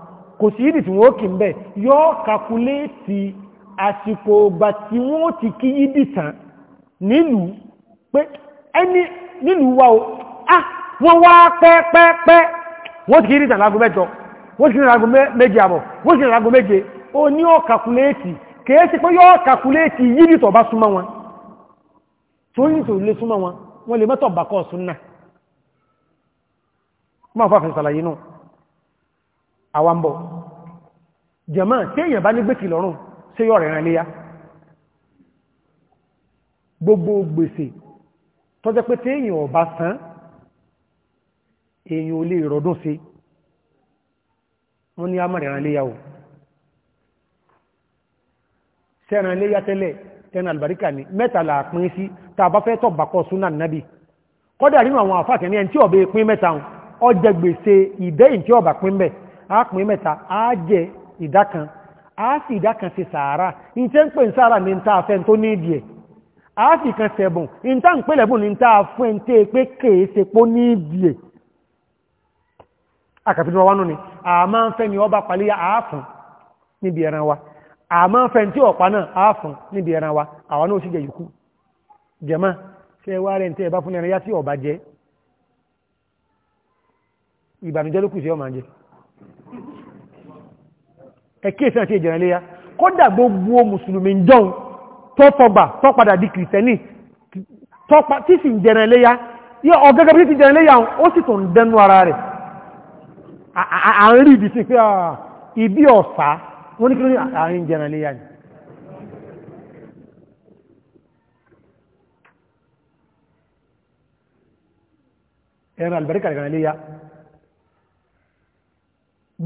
kò sí ìdí tí wọ́n kì ń bẹ̀ yọ́ kàkúléètì àsìkò ọgbà tí wọ́n ti kí ìdí tán nílùú pé ẹni nílùú wa o ah wọ́n wá pẹ́pẹ́pẹ́ wọ́n ti kí ìdí tán lágún mẹ́jọ wọ́n ti kí lágún méje àbọ̀ wọ́n ti kí lágún méje ó ní ọ̀ kàkúléètì kìí sí pé yọ́ kàkúléètì yìí tó bá súnmọ́ wọn tó yìí tó lè súnmọ́ wọn wọ́n lè mẹ́tọ̀ bàkọ́ súnnà àwambọ̀ jẹ̀mọ́ tí èyàn bá ní gbé kìlọ̀rùn sí yọ rẹ̀rẹ̀ léyá gbogbo gbèsè tọ́jẹ́ pé tí èyàn ọba san èyàn ò lè rọ̀dún sí wọ́n ní a mọ̀ rẹ̀rẹ̀ léyá o sẹ́rẹ̀ léyá tẹ́lẹ̀ tẹ́nà àlùbáríkà ní mẹ́ta là pín sí tàbá fẹ́ tọ́ bàkọ́ súnà nábì kọ́dà nínú àwọn àfáàkẹ́ ní ẹni tí ọ̀bẹ pín mẹ́ta ọjẹ́ gbèsè ìdẹ́yìn tí ọba pín bẹ́ẹ̀ a pín mẹ́ta a jẹ ìdá kan a sì ìdá kan ṣe sàárà ní tẹ́ ń pè ní sàárà ní ta afẹ́ tó ní ìdí ẹ̀ a sì kan sẹ̀bùn ní ta ń pè lẹ́bùn ní ta afẹ́ tẹ́ pé kèé ṣe pó ní ìdí ẹ̀ àkàfi ni a máa ń fẹ́ ni ọba paléyà àáfún níbi ẹran wa a máa ìbànújẹ́ ló ọmọ jẹ́ ẹ̀kíyèsí àti ìjẹ̀rẹ̀ léyá kódà gbogbo mùsùlùmí jọun tó fọgbà tó padà di kìrìsẹ́nì tí sì ń jẹ̀rẹ̀ léyá yọ ọ̀gẹ́gẹ́ bí ti jẹ̀rẹ̀ léyá ó sì tó ń dẹnu ara rẹ̀ à ń rí ìdísí pé ibi ọ̀sá wọ́n ní kí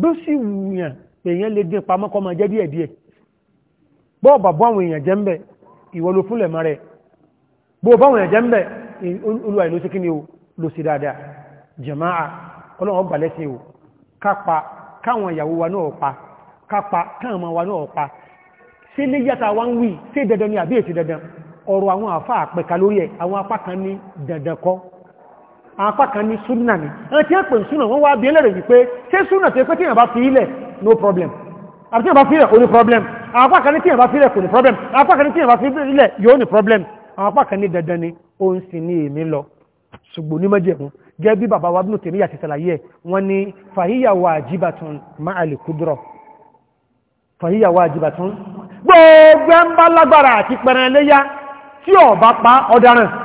bó sì wùyàn èèyàn lè dín pamọ́ kọ́ máa jẹ́ díẹ̀ díẹ̀ bọ́ọ̀ bá bọ́ àwọn èèyàn jẹ́ ń bẹ̀ ìwọ ló fúnlẹ̀ mọ́ rẹ̀ bọ́ọ̀ bá àwọn èèyàn jẹ́ ń bẹ̀ olúwa ìlú sí kíni o ló sì dáadáa jàmáà ọlọ́run ọgbà lẹ́sìn o kápa káwọn ìyàwó wa náà pa kápa káwọn wa náà pa ṣé lè yàtà wá ń wí ṣé dandan ni àbí èsì dandan ọ̀rọ̀ àwọn àfa àpẹka lórí ẹ̀ àwọn apá kan ní dandan kọ́ apá kan ní súnà ní ẹni tí a pè súnà wọ́n wá bí ẹlẹ́rẹ̀ wípé ṣe súnà tí ó pé tí ìyàn bá fi ilẹ̀ no problem àti tí ìyàn bá fi ilẹ̀ ó ní problem apá kan ní tí ìyàn bá fi ilẹ̀ kò ní problem apá kan ní tí ìyàn bá fi ilẹ̀ yóò ní problem àwọn apá kan ní dandan ni ó ń sin ní èmi lọ ṣùgbọ́n ní mẹ́jẹ̀kún gẹ́ bí bàbá wa bínú tèmi yàtì sàlàyé ẹ̀ wọ́n ní fàhíyà wajibatun ma'a likudro fàhíyà wajibatun gbogbo ẹ̀ ń bá lágbára àti pẹ̀rẹ̀ léyá tí ó bá pa ọ̀daràn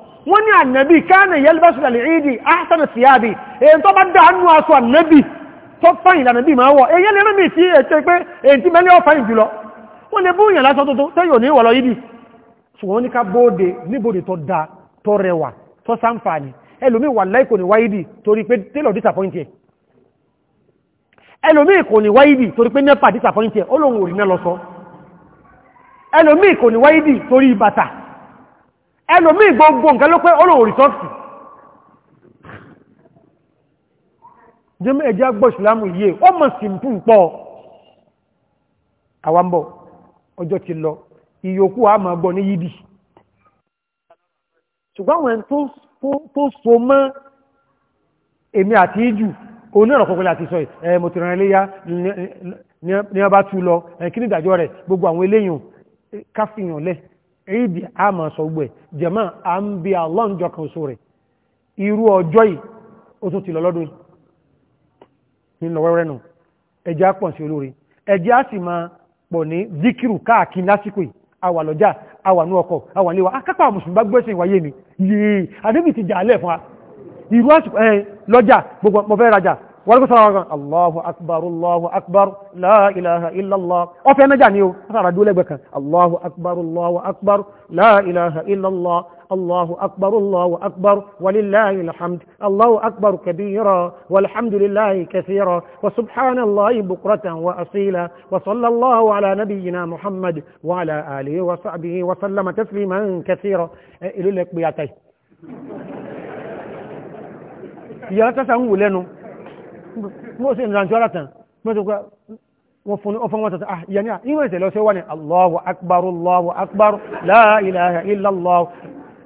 wọ́n ní ànàbí káàna yẹlbẹ́sùn alìídì áṣẹ́nà síyábi èyí tó bá dáánú aṣọ ànàbí tó fáyìn lànàbí máa wọ̀ èyí lè rẹ́mì tí ètò pé èyí tí mẹ́lẹ́ ọ̀fáyìn jùlọ wọ́n lè búyàn lásán tó tẹ́yò ní ìwọ̀lọ́ yìí ṣùgbọ́n ní ká bóde níbòdì tó da tó rẹwà tó sáǹfààní ẹlòmí ẹlòmí gbogbo nǹkan ló pé olóòwò rìsọ́ọ̀sì jẹ́mọ́ ẹjẹ́ agbọ́ ìsìlámù yìí ó mọ̀ sí ń fún pọ̀ àwambọ̀ ọjọ́ ti lọ ìyókù a máa gbọ́ ní yídì ṣùgbọ́n àwọn ẹni tó so mọ́ èmi àti ìjù onírọ̀ kọ̀kọ̀lẹ̀ àti sọ ẹ̀ mo ti rán iléyá ní ìdí a máa sọ gbẹ̀ jẹ̀mọ́ a ń bí kan so rẹ̀ irú ọjọ́ yìí ó tún ti lọ nínú wẹ́rẹ́ nù ẹjẹ́ pọ̀ sí olóore ẹjẹ́ á sì máa pọ̀ ní díkìrù káàkiri lásìkò àwà lọ́jà àwà ní ọkọ̀ àwà níwà akápá mùsùlùmí bá mi ti الله أكبر الله أكبر لا إله إلا الله وفي مجانيو صار دولة بك الله أكبر الله أكبر لا إله إلا الله الله أكبر الله أكبر ولله الحمد الله أكبر كبيرا والحمد لله كثيرا وسبحان الله بكرة وأصيلا وصلى الله على نبينا محمد وعلى آله وصحبه وسلم تسليما كثيرا إلى لك بياتي يا تسعون لنو mo sì ń rànjọ́ látàn mo ti kọ́ wọ́n fún ọfún wọn tàtà ah ìyà ní à ìwọ̀n ìṣẹ̀lẹ̀ ọ̀ṣẹ́ wà ní allahu akbar allahu akbar la ilaha illallah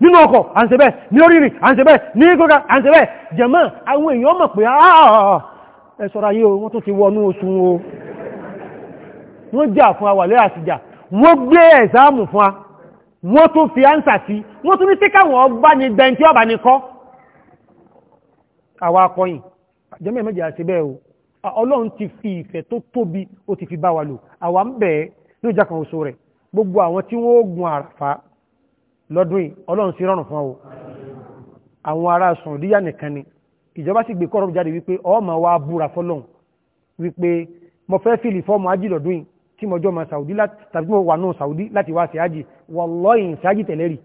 nínú ọkọ̀ à ń ṣe bẹ́ẹ̀ ní orírì à ń ṣe bẹ́ẹ̀ ní kókà à ń ṣe bẹ́ẹ̀ jẹ̀mọ́ àwọn èèyàn mọ̀ pé ah, ẹ jẹ́mọ̀ ẹ̀mẹ́jì àti bẹ́ẹ̀ o ọlọ́run ti fi ìfẹ́ tó tóbi ó ti fi bá wa lò àwa ń bẹ̀ẹ́ ní ìjà kan oṣù rẹ̀ gbogbo àwọn tí wọ́n gun àràfà lọ́dún yìí ọlọ́run sí rọrùn fún ọ àwọn ará sùnrùdíyà nìkan ni ìjọba sì gbé kọ́rọ̀ jáde wípé ọmọ wa búra fọlọ́run wípé mo fẹ́ fìlì fọ́ọ̀mù ájì lọ́dún tí mo jọ ma Saudi tàbí mo wà náà Saudi láti wá sí ájì wallahi sí ájì tẹ̀lé rì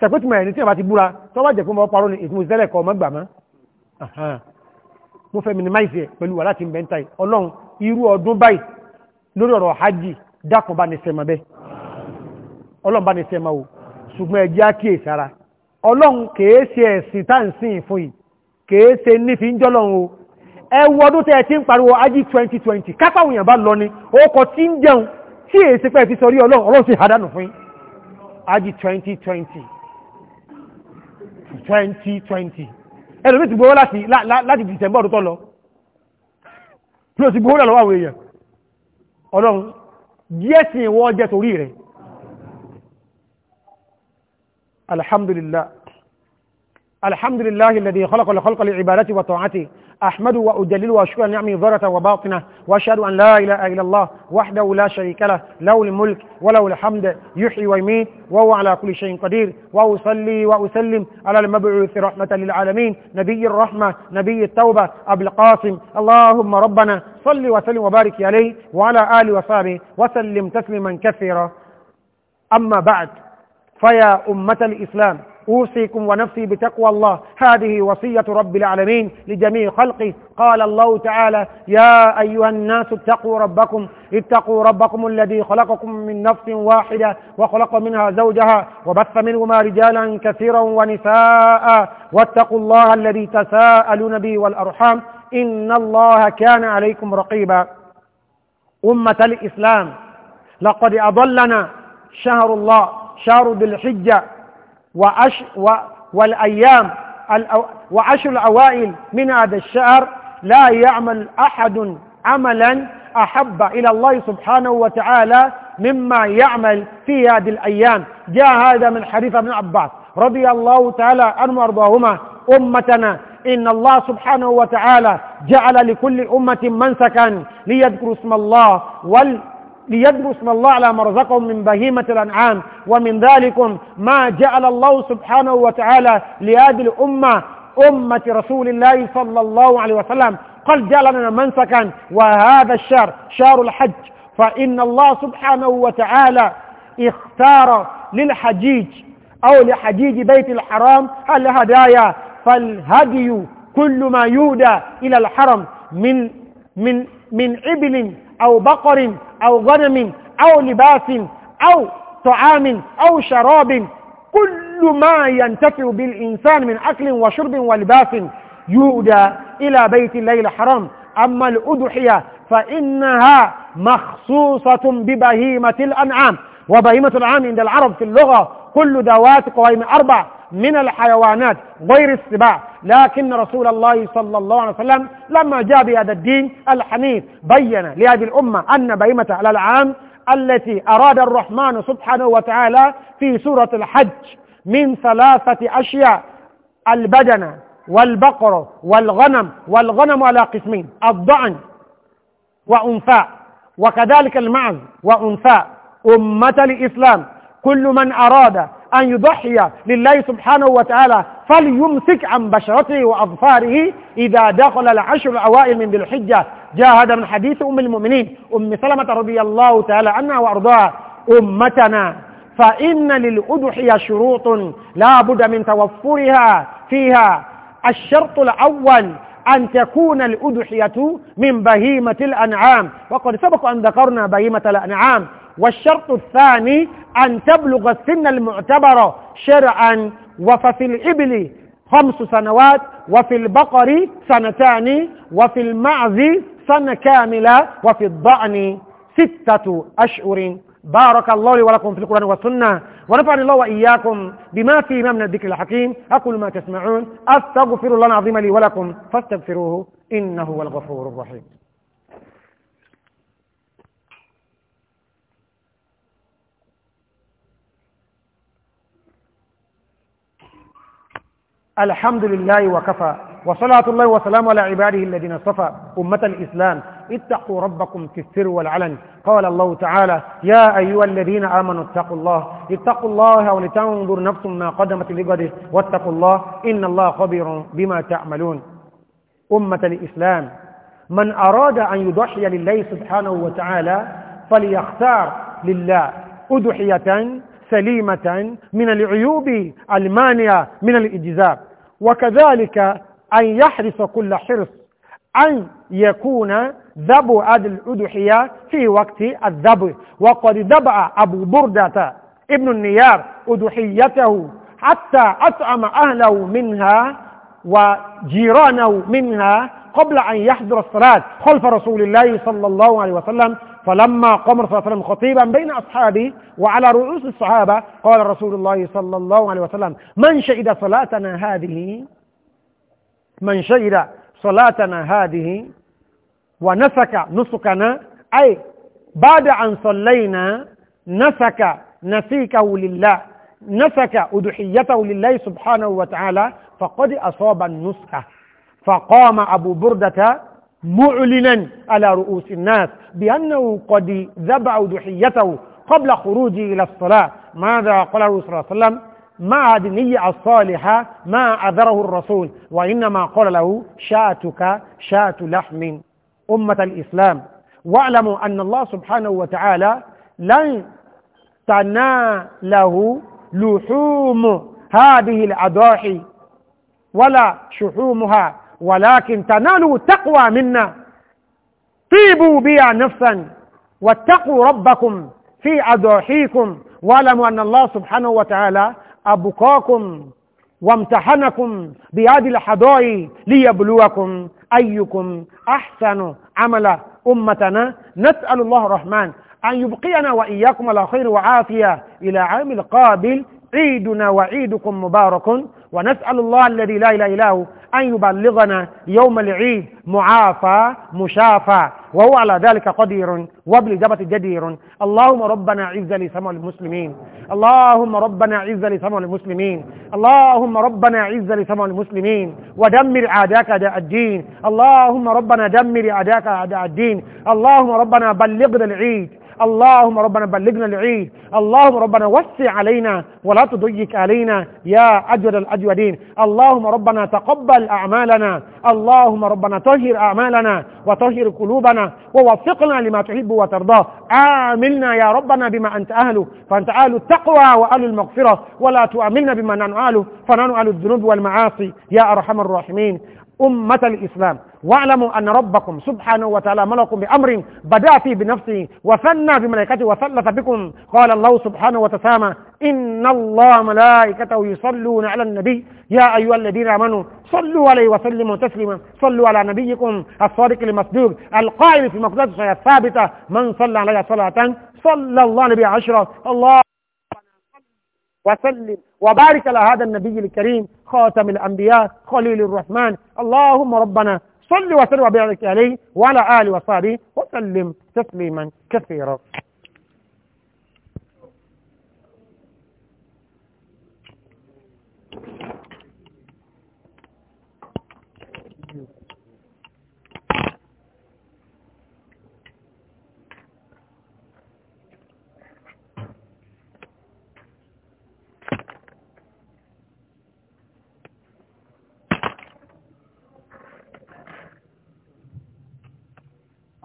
sẹ̀pẹ́tùmọ̀ ẹ̀rin tí wọ́n bá ti búra tọ́wọ́ jẹ́ pé mo parọ́ ni ìfúnṣẹ́lẹ̀ kọ́ ọmọ gbà mo fẹ́ minimize ẹ̀ pẹ̀lú wà láti mẹ́ta ọlọ́run irú ọdún báyìí lórí ọ̀rọ̀ hajji dákùn bá ní sẹ́mà bẹ́ ọlọ́run bá ní sẹ́mà o ṣùgbọ́n ẹjẹ́ àkíyè sára ọlọ́run kèé ṣe ẹ̀sìn tá ń sìn fún yìí kèé nífi ń jọ́lọ́run o ẹ wo ọdún tẹ́ ẹ ti ń pariwo hajji 2020 kápáwọn èèyàn bá lọ ni orúkọ tí ń jẹun tí èyí ṣe pẹ́ fi sọ rí ọlọ́run ọlọ́run sì hádánù fún yín 2020 2020 ẹlòmí ti gbówó láti dìtẹ̀mbọ̀ ọdún tó lọ tí ó ti gbówó lọ́wọ́ àwọn èèyàn ọlọ́run díẹ̀ sí ìwọ́ jẹ́ torí rẹ̀ alhamdulillah الحمد لله الذي خلق الخلق لعبادته وطاعته أحمد وأدلل وأشكر نعمه ظاهرة وباطنة وأشهد أن لا إله إلا الله وحده لا شريك له له الملك وله الحمد يحيي ويميت وهو على كل شيء قدير وأصلي وأسلم على المبعوث رحمة للعالمين نبي الرحمة نبي التوبة أبو القاسم اللهم ربنا صل وسلم وبارك عليه وعلى آله وصحبه وسلم تسليما كثيرا أما بعد فيا أمة الإسلام أوصيكم ونفسي بتقوى الله هذه وصية رب العالمين لجميع خلقه قال الله تعالى يا أيها الناس اتقوا ربكم اتقوا ربكم الذي خلقكم من نفس واحدة وخلق منها زوجها وبث منهما رجالا كثيرا ونساء واتقوا الله الذي تساءلون به والأرحام إن الله كان عليكم رقيبا أمة الإسلام لقد أضلنا شهر الله شهر ذي الحجة وعش و والأيام وعشر الأوائل من هذا الشهر لا يعمل أحد عملا أحب إلى الله سبحانه وتعالى مما يعمل في هذه الأيام جاء هذا من حديث ابن عباس رضي الله تعالى عنه وأرضاهما أمتنا إن الله سبحانه وتعالى جعل لكل أمة منسكا ليذكروا اسم الله وال ليدروا اسم الله على ما رزقهم من بهيمة الأنعام ومن ذلكم ما جعل الله سبحانه وتعالى لهذه الأمة أمة رسول الله صلى الله عليه وسلم قد جعلنا منسكا وهذا الشهر شهر الحج فإن الله سبحانه وتعالى اختار للحجيج أو لحجيج بيت الحرام الهدايا فالهدي كل ما يودى إلى الحرم من من من إبل أو بقر أو غنم أو لباس أو طعام أو شراب كل ما ينتفع بالإنسان من أكل وشرب ولباس يؤدى إلى بيت الله الحرام أما الأضحية فإنها مخصوصة ببهيمة الأنعام وبهيمة الأنعام عند العرب في اللغة كل ذوات قوائم أربع من الحيوانات غير السباع لكن رسول الله صلى الله عليه وسلم لما جاء بهذا الدين الحنيف بين لهذه الأمة أن بهيمة على العام التي أراد الرحمن سبحانه وتعالى في سورة الحج من ثلاثة أشياء البدنة والبقر والغنم والغنم على قسمين الضأن وأنثى وكذلك المعز وأنثى أمة الإسلام كل من أراد أن يضحي لله سبحانه وتعالى فليمسك عن بشرته وأظفاره إذا دخل العشر الأوائل من ذي الحجة جاء هذا من حديث أم المؤمنين أم سلمة رضي الله تعالى عنها وأرضاها أمتنا فإن للأضحية شروط لا بد من توفرها فيها الشرط الأول أن تكون الأضحية من بهيمة الأنعام وقد سبق أن ذكرنا بهيمة الأنعام والشرط الثاني أن تبلغ السن المعتبرة شرعا وففي الإبل خمس سنوات وفي البقر سنتان وفي المعز سنة كاملة وفي الضأن ستة أشهر بارك الله لي ولكم في القرآن والسنة ونفعني الله وإياكم بما فيه من الذكر الحكيم أقول ما تسمعون أستغفر الله العظيم لي ولكم فاستغفروه إنه هو الغفور الرحيم الحمد لله وكفى وصلاة الله وسلام على عباده الذين اصطفى أمة الإسلام اتقوا ربكم في السر والعلن قال الله تعالى يا أيها الذين آمنوا اتقوا الله اتقوا الله ولتنظر نفس ما قدمت لغده واتقوا الله إن الله خبير بما تعملون أمة الإسلام من أراد أن يضحي لله سبحانه وتعالى فليختار لله أضحية سليمة من العيوب المانعة من الإجزاء وكذلك أن يحرص كل حرص أن يكون ذبع الأضحية في وقت الذبح وقد ذبع أبو بردة ابن النيار أضحيته حتى أطعم أهله منها وجيرانه منها قبل أن يحضر الصلاة خلف رسول الله صلى الله عليه وسلم فلما قام صلى الله عليه وسلم خطيبا بين أصحابه وعلى رؤوس الصحابة قال رسول الله صلى الله عليه وسلم من شهد صلاتنا هذه من شهد صلاتنا هذه ونسك نسكنا أي بعد أن صلينا نسك نسيكه لله نسك أضحيته لله سبحانه وتعالى فقد أصاب النسكة فقام أبو بردة معلنا على رؤوس الناس بأنه قد ذبع ضحيته قبل خروجه إلى الصلاة ماذا قال الرسول صلى الله عليه وسلم مع النية الصالحة ما عذره الرسول وإنما قال له شاتك شات لحم أمة الإسلام واعلموا أن الله سبحانه وتعالى لن تناله لحوم هذه الأضاحي ولا شحومها ولكن تنالوا التقوى منا طيبوا بها نفسا واتقوا ربكم في أضاحيكم واعلموا أن الله سبحانه وتعالى أبقاكم وامتحنكم بهذه الحضائي ليبلوكم أيكم أحسن عمل أمتنا نسأل الله الرحمن أن يبقينا وإياكم على خير وعافية إلى عام القابل عيدنا وعيدكم مبارك ونسأل الله الذي لا إله إلا هو أن يبلغنا يوم العيد معافى مشافى وهو على ذلك قدير وبالإجابة جدير اللهم ربنا عز لسمع المسلمين اللهم ربنا عز لسمع المسلمين اللهم ربنا عز لسمع المسلمين ودمر أعداءك أعداء الدين اللهم ربنا دمر أعداءك أعداء الدين اللهم ربنا بلغنا العيد اللهم ربنا بلغنا العيد اللهم ربنا وسع علينا ولا تضيق علينا يا أجود الأجودين اللهم ربنا تقبل أعمالنا اللهم ربنا طهر أعمالنا وطهر قلوبنا ووفقنا لما تحب وترضى آملنا يا ربنا بما أنت أهله فأنت أهل التقوى وأهل المغفرة ولا تؤملنا بما ننعاله فننعل الذنوب والمعاصي يا أرحم الراحمين أمة الإسلام واعلموا أن ربكم سبحانه وتعالى ملكم بأمر بدأ فيه بنفسه وثنى بملائكته وثلث بكم قال الله سبحانه وتسامى إن الله ملائكته يصلون على النبي يا أيها الذين آمنوا صلوا عليه وسلموا تسليما صلوا على نبيكم الصادق المصدوق القائل في مقدسه الثابتة من صلى عليه صلاة صلى الله عليه عشرة الله وسلم وبارك على هذا النبي الكريم خاتم الأنبياء خليل الرحمن اللهم ربنا صل وسلم وبارك عليه وعلى آله وصحبه وسلم تسليما كثيرا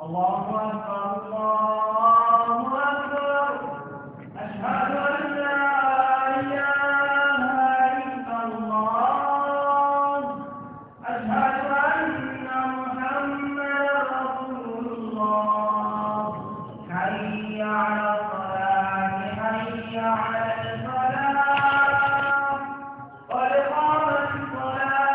الله أكبر الله